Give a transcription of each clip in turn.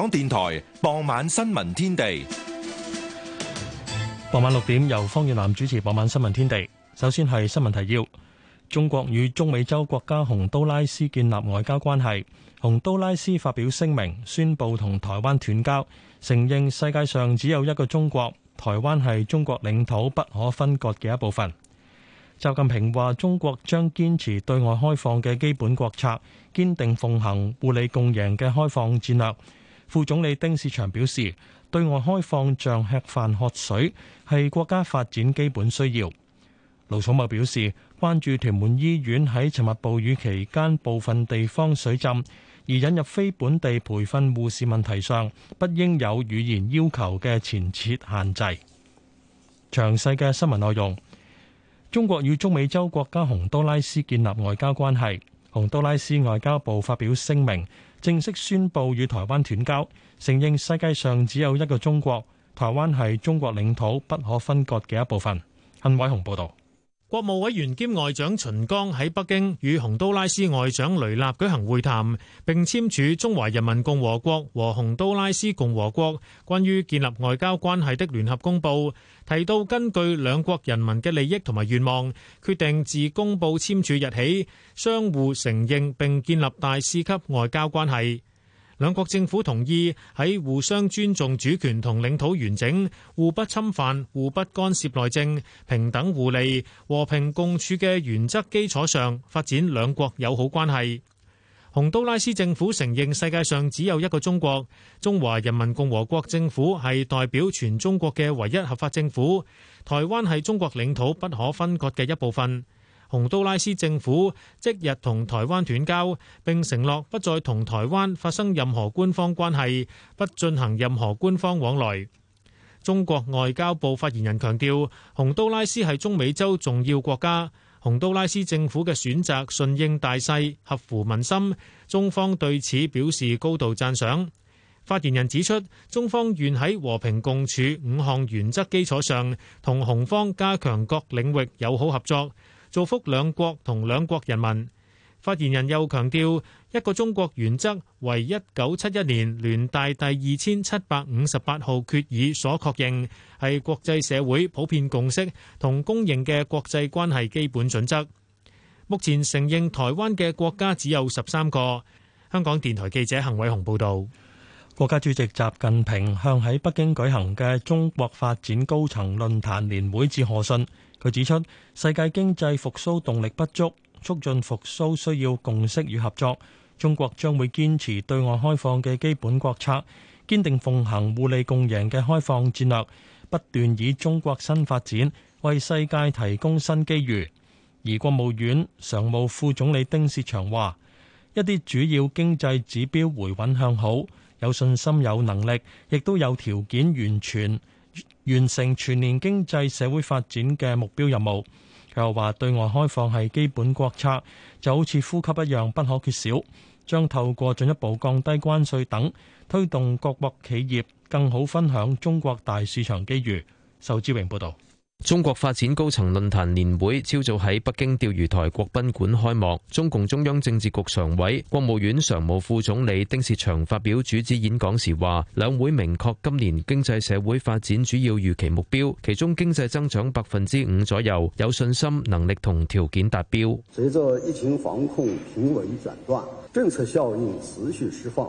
香港電台傍晚新聞天地，傍晚六點由方月南主持。傍晚新聞天地，首先係新聞提要：中國與中美洲國家洪都拉斯建立外交關係。洪都拉斯發表聲明，宣布同台灣斷交，承認世界上只有一個中國，台灣係中國領土不可分割嘅一部分。習近平話：中國將堅持對外開放嘅基本國策，堅定奉行互利共贏嘅開放戰略。副總理丁仕祥表示，對外開放像吃飯喝水，係國家發展基本需要。盧寵茂表示，關注屯門醫院喺尋日暴雨期間部分地方水浸，而引入非本地培訓護士問題上，不應有語言要求嘅前設限制。詳細嘅新聞內容，中國與中美洲國家洪都拉斯建立外交關係，洪都拉斯外交部發表聲明。正式宣布與台灣斷交，承認世界上只有一個中國，台灣係中國領土不可分割嘅一部分。陳偉雄報道。國務委員兼外長秦剛喺北京與洪都拉斯外長雷納舉,舉行會談，並簽署中華人民共和國和洪都拉斯共和國關於建立外交關係的聯合公報，提到根據兩國人民嘅利益同埋願望，決定自公布簽署日起，相互承認並建立大使級外交關係。兩國政府同意喺互相尊重主權同領土完整、互不侵犯、互不干涉內政、平等互利、和平共處嘅原則基礎上發展兩國友好關係。洪都拉斯政府承認世界上只有一個中國，中華人民共和國政府係代表全中國嘅唯一合法政府，台灣係中國領土不可分割嘅一部分。洪都拉斯政府即日同台灣斷交，並承諾不再同台灣發生任何官方關係，不進行任何官方往來。中國外交部發言人強調，洪都拉斯係中美洲重要國家，洪都拉斯政府嘅選擇順應大勢，合乎民心，中方對此表示高度讚賞。發言人指出，中方願喺和平共處五項原則基礎上，同洪方加強各領域友好合作。造福兩國同兩國人民。發言人又強調，一個中國原則為一九七一年聯大第二千七百五十八號決議所確認，係國際社會普遍共識同公認嘅國際關係基本準則。目前承認台灣嘅國家只有十三個。香港電台記者陳偉雄報導。國家主席習近平向喺北京舉行嘅中國發展高層論壇年會致賀信。佢指出，世界經濟復甦動力不足，促進復甦需要共識與合作。中國將會堅持對外開放嘅基本國策，堅定奉行互利共贏嘅開放戰略，不斷以中國新發展為世界提供新機遇。而國務院常務副總理丁薛祥話，一啲主要經濟指標回穩向好，有信心、有能力，亦都有條件完全，完成全年經濟社會發展嘅目標任務，佢又話：對外開放係基本國策，就好似呼吸一樣不可缺少。將透過進一步降低關稅等，推動各國企業更好分享中國大市場機遇。仇志榮報道。中國發展高層論壇年會朝早喺北京釣魚台國賓館開幕。中共中央政治局常委、國務院常務副總理丁薛祥發表主旨演講時話：兩會明確今年經濟社會發展主要預期目標，其中經濟增長百分之五左右，有信心、能力同條件達標。隨着疫情防控平穩轉段，政策效應持續釋放。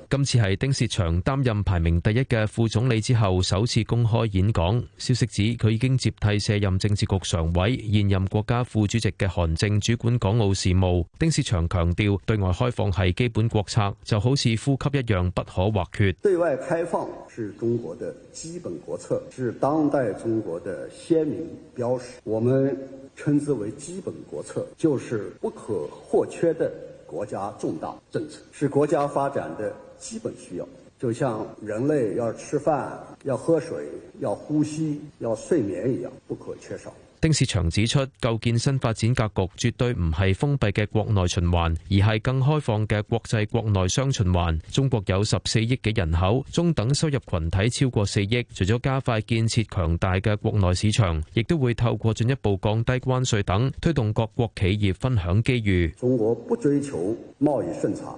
今次係丁薛祥擔任排名第一嘅副總理之後首次公開演講。消息指佢已經接替卸任政治局常委、現任國家副主席嘅韓正主管港澳事務。丁薛祥強調，對外開放係基本國策，就好似呼吸一樣不可或缺。對外開放是中國的基本國策，是當代中國的鮮明標識。我們稱之為基本國策，就是不可或缺的國家重大政策，是國家發展的。基本需要，就像人類要吃飯、要喝水、要呼吸、要睡眠一樣，不可缺少。丁仕祥指出，構建新發展格局，絕對唔係封閉嘅國內循環，而係更開放嘅國際國內雙循環。中國有十四億嘅人口，中等收入群體超過四億，除咗加快建設強大嘅國內市場，亦都會透過進一步降低關稅等，推動各國企業分享機遇。中國不追求貿易順差。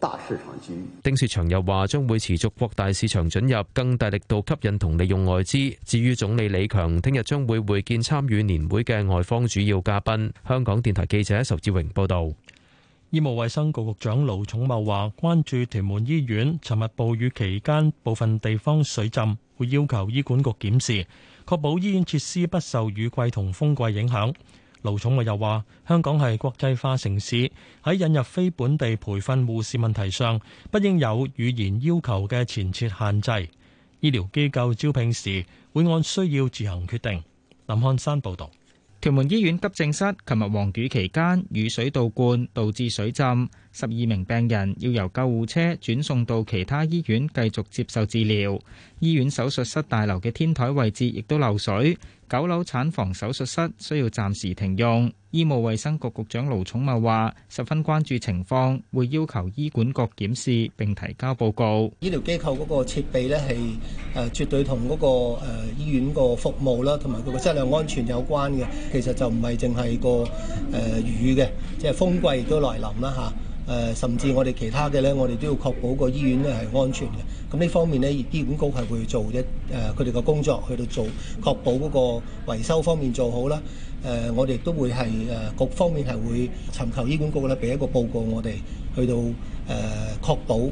大市場進入。丁薛祥又話將會持續擴大市場准入，更大力度吸引同利用外資。至於總理李強，聽日將會會見參與年會嘅外方主要嘉賓。香港電台記者仇志榮報導。醫務衛生局局長盧寵茂話：關注屯門醫院，尋日暴雨期間部分地方水浸，會要求醫管局檢視，確保醫院設施不受雨季同風季影響。盧寵茂又話：香港係國際化城市，喺引入非本地培訓護士問題上，不應有語言要求嘅前設限制。醫療機構招聘時會按需要自行決定。林漢山報道。屯門醫院急症室琴日黃雨期間雨水倒灌，導致水浸，十二名病人要由救護車轉送到其他醫院繼續接受治療。醫院手術室大樓嘅天台位置亦都漏水。九樓產房手術室需要暫時停用，醫務衛生局局長盧寵茂話：十分關注情況，會要求醫管局檢視並提交報告。醫療機構嗰個設備呢，係誒絕對同嗰個誒醫院個服務啦，同埋佢個質量安全有關嘅。其實就唔係淨係個誒雨嘅，即係風季亦都來臨啦吓。誒、呃，甚至我哋其他嘅呢，我哋都要確保個醫院呢係安全嘅。咁呢方面呢，醫管局係會做一誒佢哋嘅工作去到做，確保嗰個維修方面做好啦。誒、呃，我哋都會係誒各方面係會尋求醫管局呢，俾一個報告我哋去到。誒確保誒，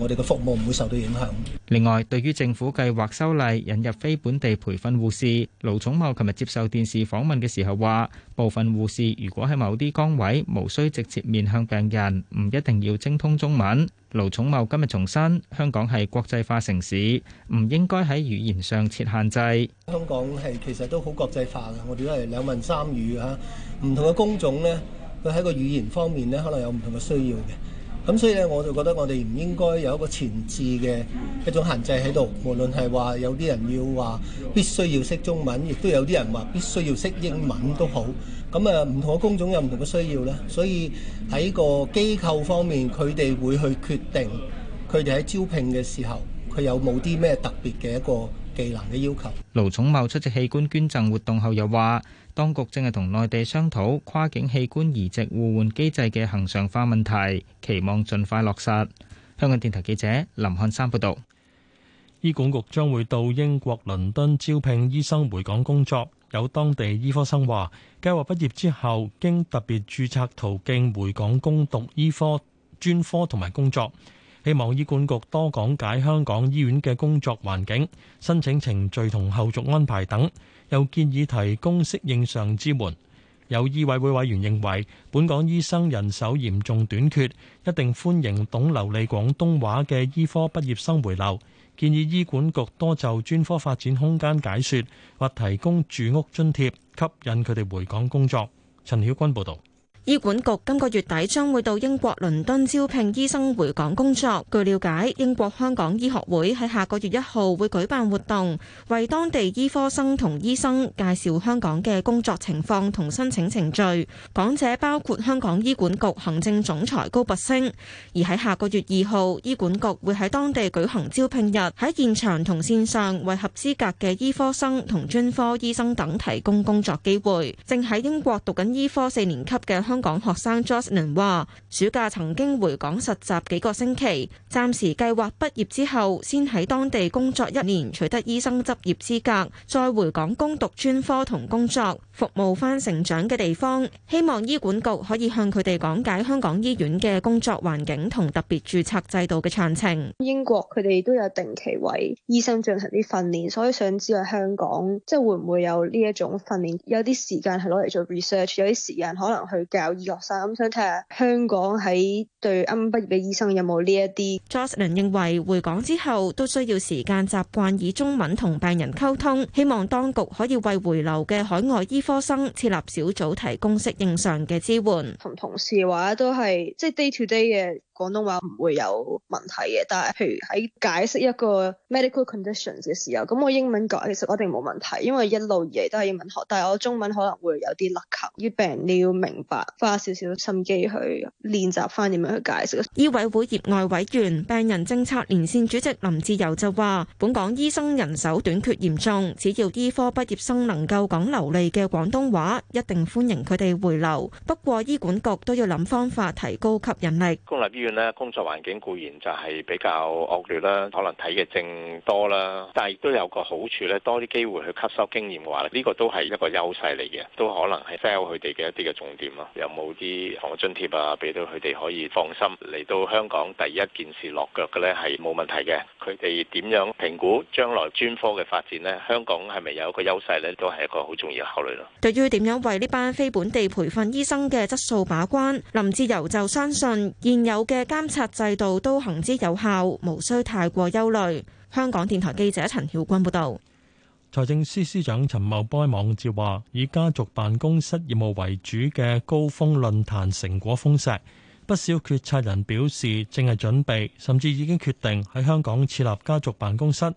我哋嘅服務唔會受到影響。另外，對於政府計劃修例引入非本地培訓護士，盧寵茂琴日接受電視訪問嘅時候話：部分護士如果喺某啲崗位無需直接面向病人，唔一定要精通中文。盧寵茂今日重申，香港係國際化城市，唔應該喺語言上設限制。香港係其實都好國際化嘅，我哋都係兩文三語嚇，唔同嘅工種咧，佢喺個語言方面咧，可能有唔同嘅需要嘅。咁所以咧，我就覺得我哋唔應該有一個前置嘅一種限制喺度。無論係話有啲人要話必須要識中文，亦都有啲人話必須要識英文都好。咁啊，唔同嘅工種有唔同嘅需要咧。所以喺個機構方面，佢哋會去決定佢哋喺招聘嘅時候，佢有冇啲咩特別嘅一個技能嘅要求。盧寵茂出席器官捐贈活動後又話。當局正係同內地商討跨境器官移植互換機制嘅恒常化問題，期望盡快落實。香港電台記者林漢山報導。醫管局將會到英國倫敦招聘醫生回港工作，有當地醫科生話計劃畢業之後經特別註冊途徑回港攻讀醫科專科同埋工作。希望醫管局多講解香港醫院嘅工作環境、申請程序同後續安排等，又建議提供適應上支援。有醫委會委員認為，本港醫生人手嚴重短缺，一定歡迎懂流利廣東話嘅醫科畢業生回流，建議醫管局多就專科發展空間解說，或提供住屋津貼吸引佢哋回港工作。陳曉君報道。醫管局今個月底將會到英國倫敦招聘醫生回港工作。據了解，英國香港醫學會喺下個月一號會舉辦活動，為當地醫科生同醫生介紹香港嘅工作情況同申請程序。講者包括香港醫管局行政總裁高拔升。而喺下個月二號，醫管局會喺當地舉行招聘日，喺現場同綫上為合資格嘅醫科生同專科醫生等提供工作機會。正喺英國讀緊醫科四年級嘅香香港學生 Jocelyn 話：暑假曾經回港實習幾個星期，暫時計劃畢業之後先喺當地工作一年，取得醫生執業資格，再回港攻讀專科同工作，服務翻成長嘅地方。希望醫管局可以向佢哋講解香港醫院嘅工作環境同特別註冊制度嘅詳情。英國佢哋都有定期為醫生進行啲訓練，所以想知道香港即係會唔會有呢一種訓練？有啲時間係攞嚟做 research，有啲時間可能去。教醫學生咁，想睇下香港喺對啱畢業嘅醫生有冇呢一啲。Jocelyn 認為回港之後都需要時間習慣以中文同病人溝通，希望當局可以為回流嘅海外醫科生設立小組，提供適應上嘅支援。同同事話都係即係 day to day 嘅。廣東話唔會有問題嘅，但係譬如喺解釋一個 medical conditions 嘅時候，咁我英文講其實我一定冇問題，因為一路以嚟都係英文學，但係我中文可能會有啲甩球。啲病人你要明白，花少少心機去練習翻點樣去解釋。醫委會業外委員、病人政策連線主席林志釉就話，本港醫生人手短缺嚴重，只要醫科畢業生能夠講流利嘅廣東話，一定歡迎佢哋回流。不過醫管局都要諗方法提高吸引力。工作環境固然就係比較惡劣啦，可能睇嘅症多啦，但係亦都有個好處咧，多啲機會去吸收經驗嘅話，呢個都係一個優勢嚟嘅，都可能係 sell 佢哋嘅一啲嘅重點咯。有冇啲房屋津貼啊？俾到佢哋可以放心嚟到香港第一件事落腳嘅咧，係冇問題嘅。佢哋點樣評估將來專科嘅發展呢？香港係咪有一個優勢呢？都係一個好重要考慮咯。對於點樣為呢班非本地培訓醫生嘅質素把關，林志游就相信現有嘅。嘅監察制度都行之有效，無需太過憂慮。香港電台記者陳曉君報道，財政司司長陳茂波網誌話：以家族辦公室業務為主嘅高峰論壇成果豐碩，不少決策人表示正係準備，甚至已經決定喺香港設立家族辦公室。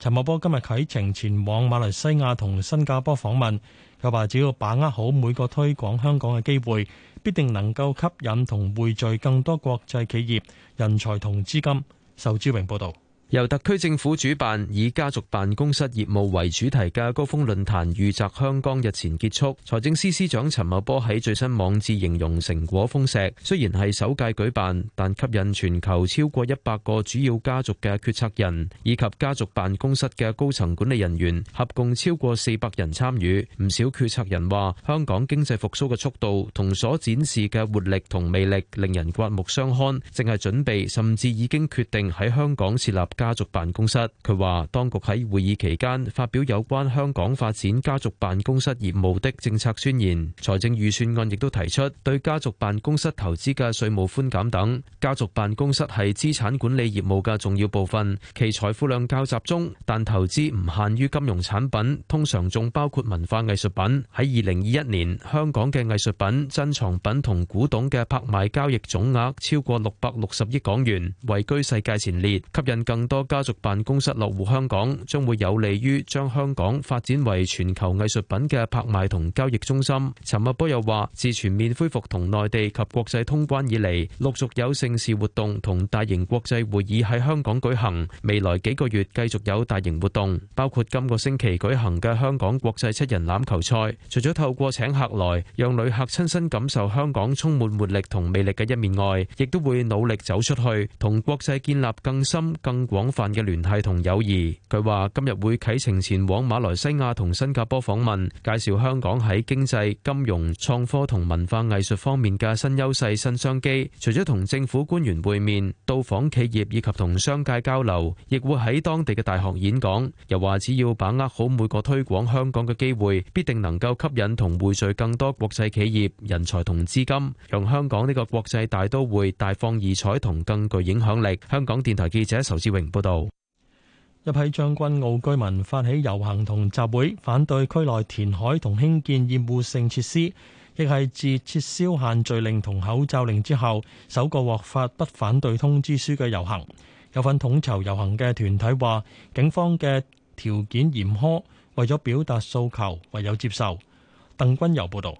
陳茂波今日啟程前往馬來西亞同新加坡訪問，佢話只要把握好每個推廣香港嘅機會。必定能夠吸引同匯聚更多國際企業、人才同資金。仇志榮報道。由特區政府主辦、以家族辦公室業務為主題嘅高峰論壇，預集香港日前結束。財政司司長陳茂波喺最新網誌形容成果豐碩，雖然係首屆舉辦，但吸引全球超過一百個主要家族嘅決策人以及家族辦公室嘅高層管理人員，合共超過四百人參與。唔少決策人話，香港經濟復蘇嘅速度同所展示嘅活力同魅力，令人刮目相看。正係準備甚至已經決定喺香港設立。家族辦公室，佢話當局喺會議期間發表有關香港發展家族辦公室業務的政策宣言。財政預算案亦都提出對家族辦公室投資嘅稅務寬減等。家族辦公室係資產管理業務嘅重要部分，其財富量較集中，但投資唔限於金融產品，通常仲包括文化藝術品。喺二零二一年，香港嘅藝術品、珍藏品同古董嘅拍賣交易總額超過六百六十億港元，位居世界前列，吸引更多。多家族辦公室落戶香港，將會有利於將香港發展為全球藝術品嘅拍賣同交易中心。陳茂波又話：自全面恢復同內地及國際通關以嚟，陸續有盛事活動同大型國際會議喺香港舉行。未來幾個月繼續有大型活動，包括今個星期舉行嘅香港國際七人欖球賽。除咗透過請客來讓旅客親身感受香港充滿活力同魅力嘅一面外，亦都會努力走出去，同國際建立更深更。廣泛嘅聯繫同友誼。佢話今日會啟程前往馬來西亞同新加坡訪問，介紹香港喺經濟、金融、創科同文化藝術方面嘅新優勢、新商機。除咗同政府官員會面、到訪企業以及同商界交流，亦會喺當地嘅大學演講。又話只要把握好每個推廣香港嘅機會，必定能夠吸引同匯聚更多國際企業、人才同資金，讓香港呢個國際大都會大放異彩同更具影響力。香港電台記者仇志榮。報道：一批將軍澳居民發起遊行同集會，反對區內填海同興建厭惡性設施，亦係自撤銷限聚令同口罩令之後首個獲發不反對通知書嘅遊行。有份統籌遊行嘅團體話，警方嘅條件嚴苛，為咗表達訴求，唯有接受。鄧君游報道。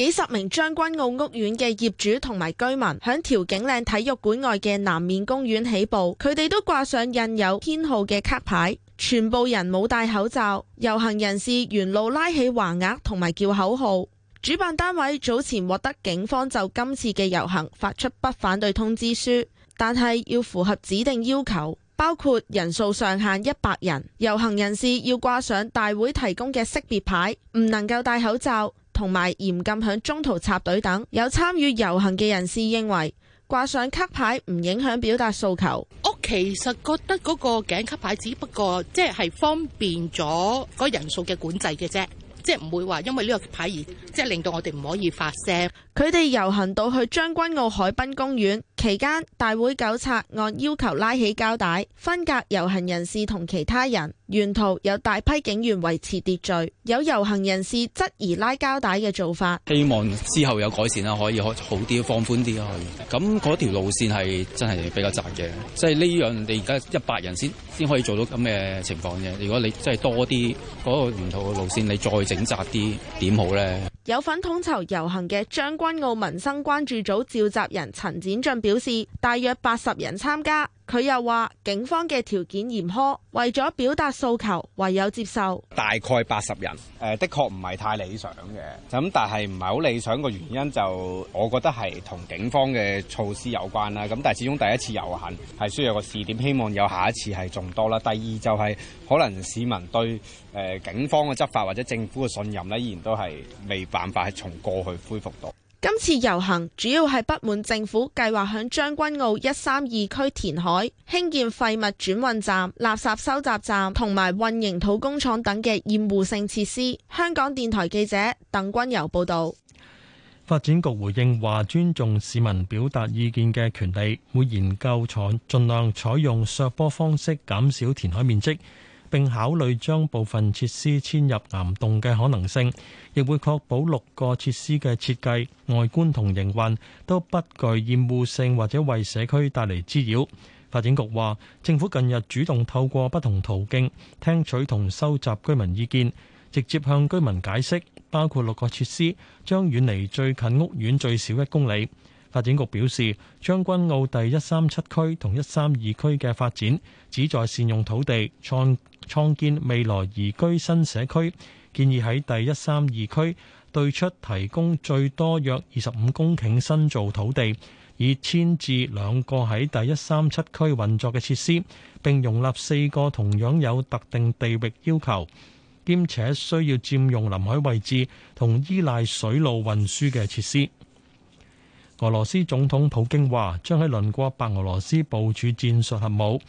幾十名將軍澳屋苑嘅業主同埋居民喺調景嶺體育館外嘅南面公園起步，佢哋都掛上印有編號嘅卡牌，全部人冇戴口罩。遊行人士沿路拉起橫額同埋叫口號。主辦單位早前獲得警方就今次嘅遊行發出不反對通知書，但係要符合指定要求，包括人數上限一百人，遊行人士要掛上大會提供嘅識別牌，唔能夠戴口罩。同埋嚴禁喺中途插隊等。有參與遊行嘅人士認為，掛上卡牌唔影響表達訴求。我其實覺得嗰個頸卡牌只不過即係方便咗嗰人數嘅管制嘅啫，即係唔會話因為呢個牌而即係令到我哋唔可以發聲。佢哋遊行到去將軍澳海濱公園。期間，大會糾察按要求拉起膠帶，分隔遊行人士同其他人。沿途有大批警員維持秩序，有遊行人士質疑拉膠帶嘅做法。希望之後有改善啦，可以開好啲，放寬啲啊，可以咁條、那個、路線係真係比較窄嘅，即係呢樣你而家一百人先先可以做到咁嘅情況啫，如果你真係多啲嗰、那個沿途嘅路線，你再整窄啲，點好咧？有份統籌遊行嘅將軍澳民生關注組召集人陳展俊表。表示大約八十人參加，佢又話警方嘅條件嚴苛，為咗表達訴求，唯有接受。大概八十人，誒，的確唔係太理想嘅，咁但係唔係好理想嘅原因就，我覺得係同警方嘅措施有關啦。咁但係始終第一次遊行係需要有個試點，希望有下一次係仲多啦。第二就係、是，可能市民對誒，警方嘅執法或者政府嘅信任呢依然，都係未辦法從過去恢復到。今次遊行主要係不滿政府計劃響將軍澳一三二區填海興建廢物轉運站、垃圾收集站同埋混凝土工廠等嘅厭惡性設施。香港電台記者鄧君游報導，發展局回應話：尊重市民表達意見嘅權利，會研究廠盡量採用削波方式，減少填海面積。並考慮將部分設施遷入岩洞嘅可能性，亦會確保六個設施嘅設計、外觀同營運都不具厭惡性或者為社區帶嚟滋擾。發展局話，政府近日主動透過不同途徑聽取同收集居民意見，直接向居民解釋，包括六個設施將遠離最近屋苑最少一公里。發展局表示，將軍澳第一三七區同一三二區嘅發展旨在善用土地創創建未來宜居新社區，建議喺第一三二區對出提供最多約二十五公頃新造土地，以遷置兩個喺第一三七區運作嘅設施，並容納四個同樣有特定地域要求，兼且需要佔用臨海位置同依賴水路運輸嘅設施。俄羅斯總統普京話將喺鄰國白俄羅斯部署戰術核武。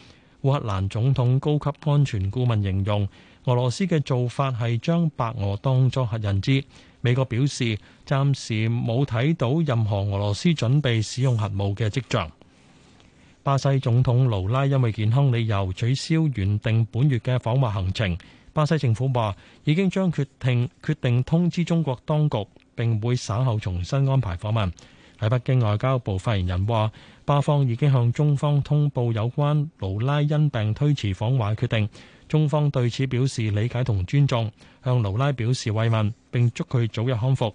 烏克蘭總統高級安全顧問形容俄羅斯嘅做法係將白俄當作核人質。美國表示暫時冇睇到任何俄羅斯準備使用核武嘅跡象。巴西總統盧拉因為健康理由取消原定本月嘅訪華行程。巴西政府話已經將決定決定通知中國當局，並會稍後重新安排訪問。喺北京，外交部發言人話。巴方已經向中方通報有關盧拉因病推遲訪華決定，中方對此表示理解同尊重，向盧拉表示慰問並祝佢早日康復。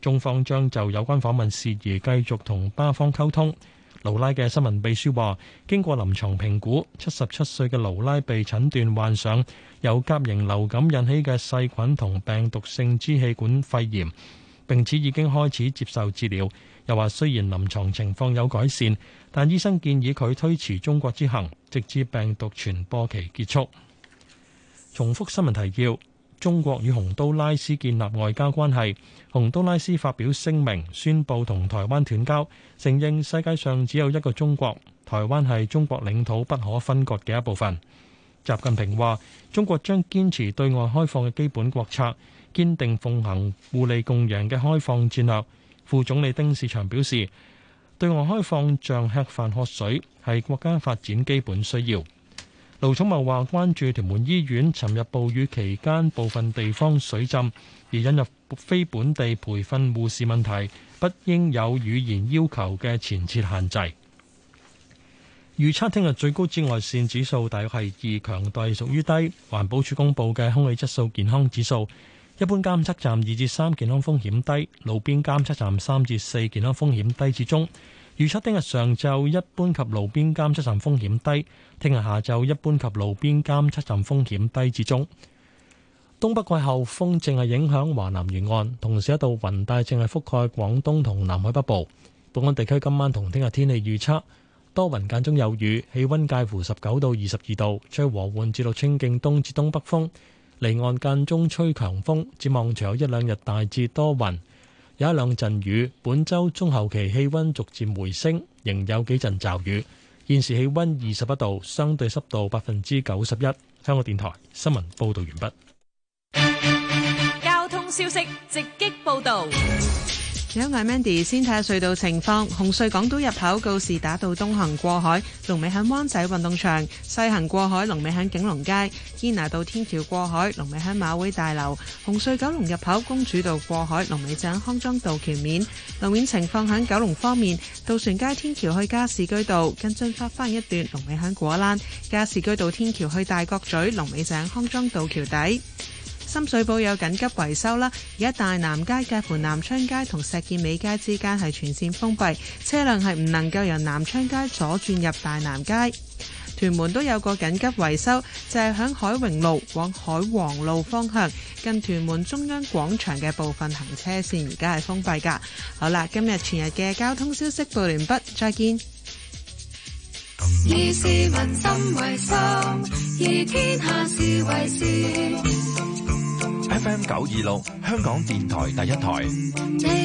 中方將就有關訪問事宜繼續同巴方溝通。盧拉嘅新聞秘書話：經過臨牀評估，七十七歲嘅盧拉被診斷患上由甲型流感引起嘅細菌同病毒性支氣管肺炎，並且已經開始接受治療。又話雖然臨床情況有改善，但醫生建議佢推遲中國之行，直至病毒傳播期結束。重複新聞提要：中國與洪都拉斯建立外交關係，洪都拉斯發表聲明，宣布同台灣斷交，承認世界上只有一個中國，台灣係中國領土不可分割嘅一部分。習近平話：中國將堅持對外開放嘅基本國策，堅定奉行互利共贏嘅開放戰略。副總理丁薛祥表示，對外開放像吃飯喝水，係國家發展基本需要。盧寵茂話：關注屯門醫院尋日暴雨期間部分地方水浸，而引入非本地培訓護士問題，不應有語言要求嘅前設限制。預測聽日最高紫外線指數大約係二，強度屬於低。環保署公布嘅空氣質素健康指數，一般監測站二至三健康風險低，路邊監測站三至四健康風險低至中。預測聽日上晝一般及路邊監測站風險低，聽日下晝一般及路邊監測站風險低至中。東北季候風正係影響華南沿岸，同時一道雲帶正係覆蓋廣東同南海北部。本港地區今晚同聽日天氣預測多雲間中有雨，氣温介乎十九到二十二度，吹和緩至到清勁東至東北風，離岸間中吹強風，展望仲有一兩日大致多雲，有一兩陣雨。本周中後期氣溫逐漸回升，仍有幾陣驟雨。現時氣溫二十一度，相對濕度百分之九十一。香港電台新聞報道完畢。交通消息直擊報道。由我 Mandy 先睇下隧道情況，紅隧港島入口告士打道東行過海，龍尾喺灣仔運動場；西行過海，龍尾喺景隆街；堅拿道天橋過海，龍尾喺馬會大樓；紅隧九龍入口公主道過海，龍尾喺康莊道橋面；路面情況喺九龍方面，渡船街天橋去加士居道近駿發翻一段，龍尾喺果欄；加士居道天橋去大角咀，龍尾喺康莊道橋底。深水埗有緊急維修啦，而家大南街介乎南昌街同石硤尾街之間係全線封閉，車輛係唔能夠由南昌街左轉入大南街。屯門都有個緊急維修，就係、是、響海榮路往海皇路方向，近屯門中央廣場嘅部分行車線而家係封閉噶。好啦，今日全日嘅交通消息報完畢，再見。以市民心為心，以天下事為事。FM 九二六，香港電台第一台。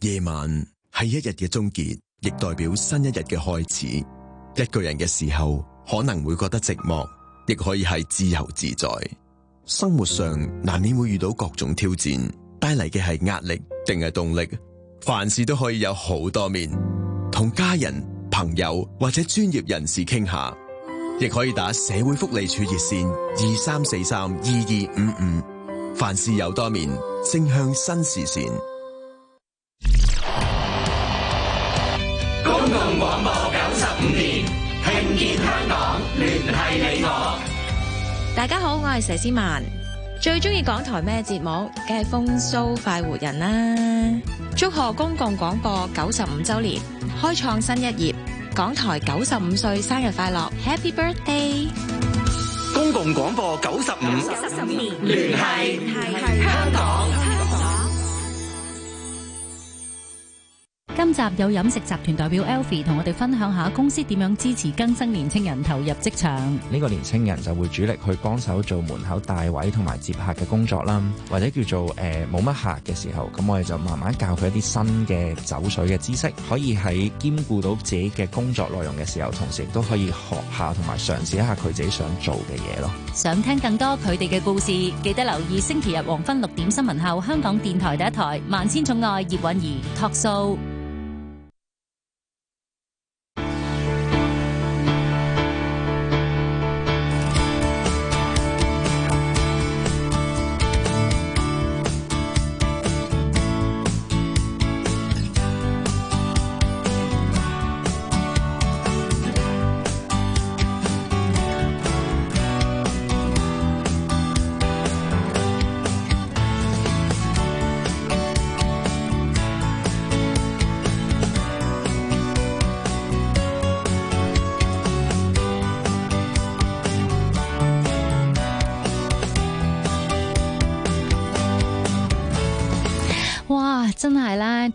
夜晚係一日嘅終結，亦代表新一日嘅開始。一個人嘅時候，可能會覺得寂寞，亦可以係自由自在。生活上難免會遇到各種挑戰，帶嚟嘅係壓力定係動力。凡事都可以有好多面，同家人、朋友或者專業人士傾下。亦可以打社會福利處熱線二三四三二二五五。凡事有多面，正向新視線。公共廣播九十五年，聽見香港，聯繫你我。大家好，我係佘詩曼，最中意港台咩節目？梗係《風騷快活人》啦！祝賀公共廣播九十五周年，開創新一頁。港台九十五歲生日快樂，Happy Birthday！公共廣播九十五年聯繫。有飲食集團代表 Alfie 同我哋分享一下公司點樣支持更生年青人投入職場。呢個年青人就會主力去幫手做門口帶位，同埋接客嘅工作啦，或者叫做誒冇乜客嘅時候，咁我哋就慢慢教佢一啲新嘅酒水嘅知識，可以喺兼顧到自己嘅工作內容嘅時候，同時亦都可以學下同埋嘗試一下佢自己想做嘅嘢咯。想聽更多佢哋嘅故事，記得留意星期日黃昏六點新聞後，香港電台第一台萬千寵愛葉韻儀 Talk Show。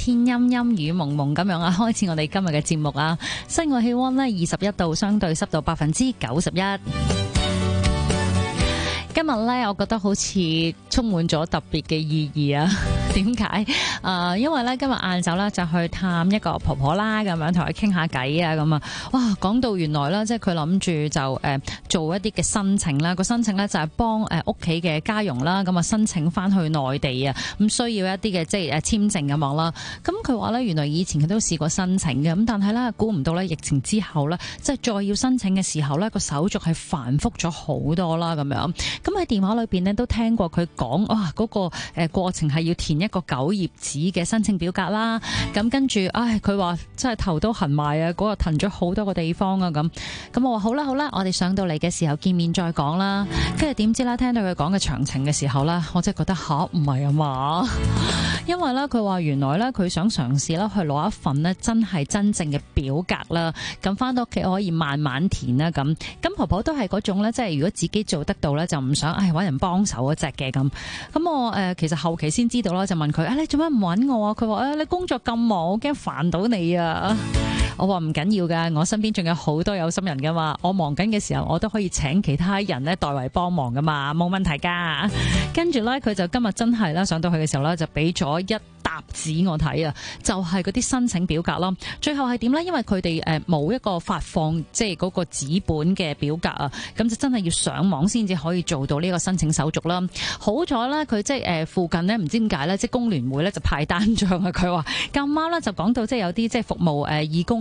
天陰陰雨蒙蒙咁樣啊，開始我哋今日嘅節目啊。室外氣溫呢，二十一度，相對濕度百分之九十一。今日咧，我覺得好似充滿咗特別嘅意義啊！點解？誒，因為咧今日晏晝咧就去探一個婆婆啦，咁樣同佢傾下偈啊，咁啊，哇！講到原來啦，即係佢諗住就誒做一啲嘅申請啦，個申請咧就係幫誒屋企嘅家傭啦，咁啊申請翻去內地啊，咁需要一啲嘅即係誒簽證咁樣啦。咁佢話咧原來以前佢都試過申請嘅，咁但係咧估唔到咧疫情之後咧，即係再要申請嘅時候咧個手續係繁複咗好多啦，咁樣。咁喺電話裏邊咧都聽過佢講，哇、啊、嗰、那個誒、呃、過程係要填一個九頁紙嘅申請表格啦。咁跟住，唉佢話真係頭都痕埋啊，嗰個騰咗好多個地方啊，咁咁我話好啦好啦，我哋上到嚟嘅時候見面再講啦。跟住點知啦，聽到佢講嘅詳情嘅時候咧，我真係覺得吓，唔係啊嘛？因為咧佢話原來咧佢想嘗試啦去攞一份呢真係真正嘅表格啦，咁翻到屋企可以慢慢填啦。咁咁婆婆都係嗰種咧，即係如果自己做得到咧就唔。想唉揾人幫手嗰隻嘅咁，咁我誒其實後期先知道啦，就問佢啊，你做咩唔揾我啊？佢話啊，你工作咁忙，我驚煩到你啊。我話唔緊要噶，我身邊仲有好多有心人噶嘛，我忙緊嘅時候，我都可以請其他人咧代為幫忙噶嘛，冇問題噶跟住呢，佢就今日真係啦，上到去嘅時候呢，就俾咗一沓紙我睇啊，就係嗰啲申請表格啦。最後係點呢？因為佢哋誒冇一個發放即係嗰個紙本嘅表格啊，咁就真係要上網先至可以做到呢個申請手續啦。好彩呢，佢即係誒附近呢，唔知點解呢，即係工聯會呢，就派單張啊。佢話咁啱呢，就講到即係有啲即係服務誒、呃、義工。